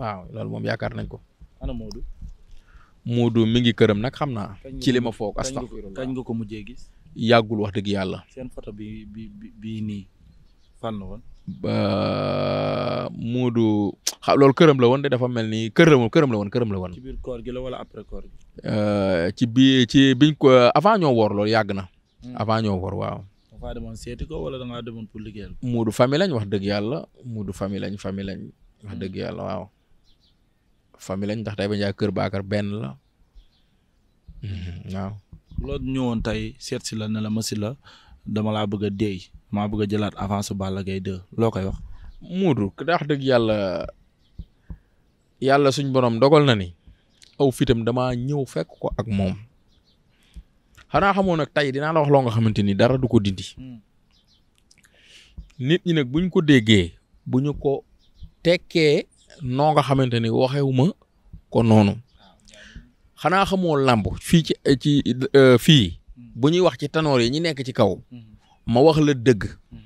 waaw loolu moom yaakaar nañ ko. ana Modou. Modou mi ngi këram nag xam naa. ci lima ma foog astaf. kañ nga ko mujjee gis. yàggul wax dëgg yàlla. seen photo bi bi bi nii fan la woon. Moodu xa loolu këram la mel ni kër la woon la woon këram la woon. ci biir koor gi la wala après koor gi. Euh, ci bi ci biñ ko avant woor loolu yàgg na. Hmm. avant ñoo woor waaw. da ngaa demoon seeti ko wax dëgg yàlla Moodu famille lañ wax dëgg hmm. yàlla waaw famille lañ ndax tey ba njaay kër baakar benn la hmm, waaw loolu ñëwoon tey seet si la na la si la dama laa bëgg a deey maa bëgg jëlaat avance Balla Gaye 2 loo koy wax muudu ndax dëgg yàlla yàlla suñ borom dogal na ni aw fitam damaa ñëw fekk ko ak moom xanaa xamoon nag tey dinaa la wax loo nga xamante ni dara du ko dindi hmm. nit ñi nag buñ ko déggee bu ko tekkee noo nga xamante ni waxewuma ko noonu xanaa xamoo làmb fii ci ci euh, fii bu ñuy wax ci tanoor yi ñi nekk ci kaw mm-hmm. ma wax la dëgg mm-hmm.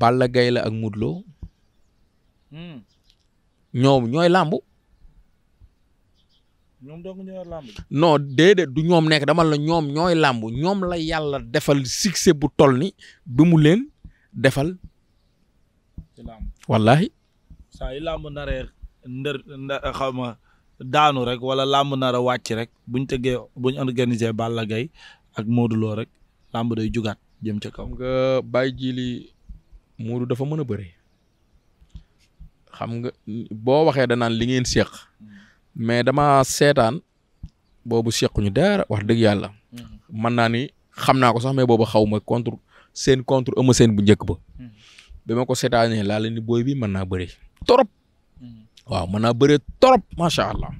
Balla Gaye la ak Modou Lo mm. ñoom ñooy làmb ñoom donc ñooy du ñoom nekk dama la ñoom ñooy làmb ñoom la yàlla defal succès bu tol ni bi mu leen defal wallahi saa yi làmb naree ndër xaw ma daanu rek wala làmb nara wàcc rek buñ tëggee buñ organisé Balla Gaye ak mooduloo rek làmb day jugaat jëm ca kaw. xam nga Baye Jili Modou dafa mën a bëre xam nga boo waxee danaan li ngeen seq mais dama seetaan boobu sequñu dara wax dëgg yàlla. mën naa ni xam naa ko sax mais boobu xaw ma contre seen contre ëmm seen bu njëkk ba. Hmm. bi ma ko seetaanee laa leen booy bi mën naa bëri. torop hmm. waaw mën naa bëree torop macha allah.